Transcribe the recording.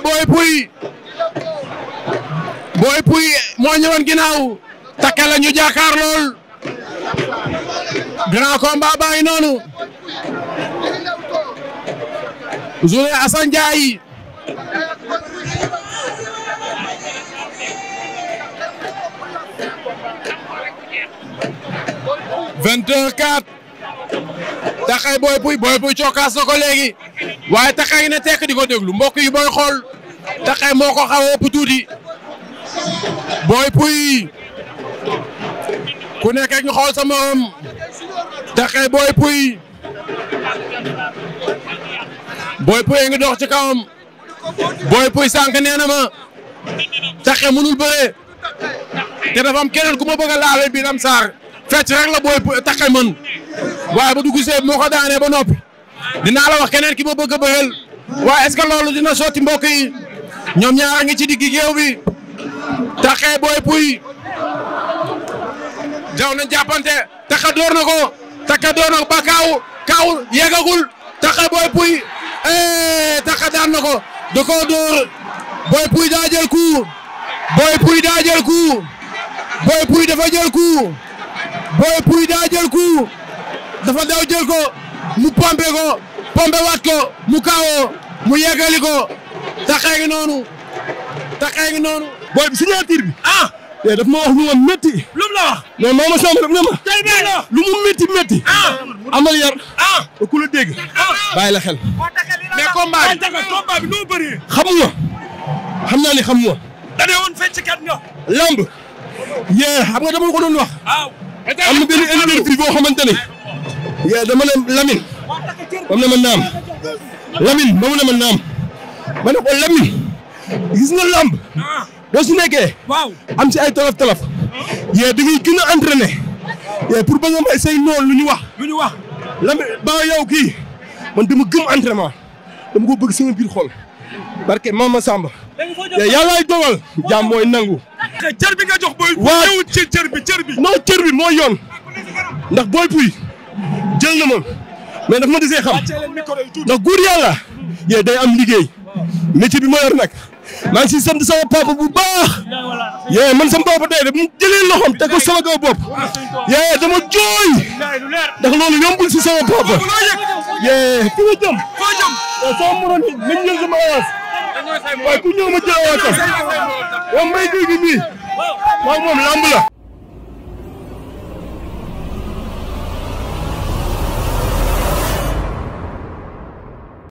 waaye booy puy booy puy moo ñëwoon ginnaaw takke la ñu jàkkaar lool grand combat baa ngi noonu Zoulé Assane Ndiaye quatre taxay booy puy booy puy cokkaas na ko léegi waaye taxay na tekk di ko déglu mbokk yi booy xool taxay moo ko xaw a ëpp tuuti booy puy ku nekk ak ñu xool sama am taxay booy puy booy puy ngi dox ci kawam booy puy sànq nee na ma taxay mënul bëree te dafa am keneen ku ma bëgg a laale biiram saar fecc rek la booy puy taxay mën waaye bu duggu moo ko daanee ba noppi dina la keneen ki ma bëgg a bëyal waaye est-ce loolu dina sotti mbokk yi ñoom ñaara ngi ci diggi géew bi taxee booy puy jaw na jàppante taxa door na ko taxa door na ko ba kaaw kaaw yegagul taxa booy puy eh, taxa daan na ko da door booy puy daa jël ku booy puy daa jël ku booy puy daa jël ku dafa daw jël ko mu pompe ko pompe waat ko mu kaawoo mu ko taxee noonu taxee noonu. booy bi signature bi. ah. Eh, daf ma wax lu ma métti. lu la mais ma. tey bee la lu mu métti ah! yar. ah ba ku la ah! la xel. mais combat bi combat xam nga xam naa ni xam nga. da ne woon nga. lamb. yee xam nga dama ko doon wax. waaw. Ah. am na benn énergie boo xamante ne. yaa dama ne Lamine. ba mu ne ma naam. Lamine ba mu ne ma naam. ma ne ko Lamine. gis nga lamb. doo si nekkee. am si ay tolof tolof. yaa da ngay gën a entraîné. yaa pour ba ay say noonu lu ñu wax. lu ñu wax Lamine ba yow kii. man dama gëm entraînement. dama ko bëgg si sama biir xol. barke Mama Samba. yàllaay dogal. jaam mooy nangu. cër bi nga jox booy. waaw ñëwul ci cër moo cër bi. non yoon. ndax booy puy. jël na ma mais daf ma desee xam ndax góor yàlla yee day am liggéey métier bi ma yor nag maa ngi siy sant sama papa bu baax yee man sama papa tey de mu jëlee loxoom te ko sama kaw bopp yee dama jooy ndax loolu yombul si sama papa yee fi ma jëm sama morom yi nañ jël sama avance waaye ku ñëw ma jël avance am waaye mbay gi nii waaw lamb la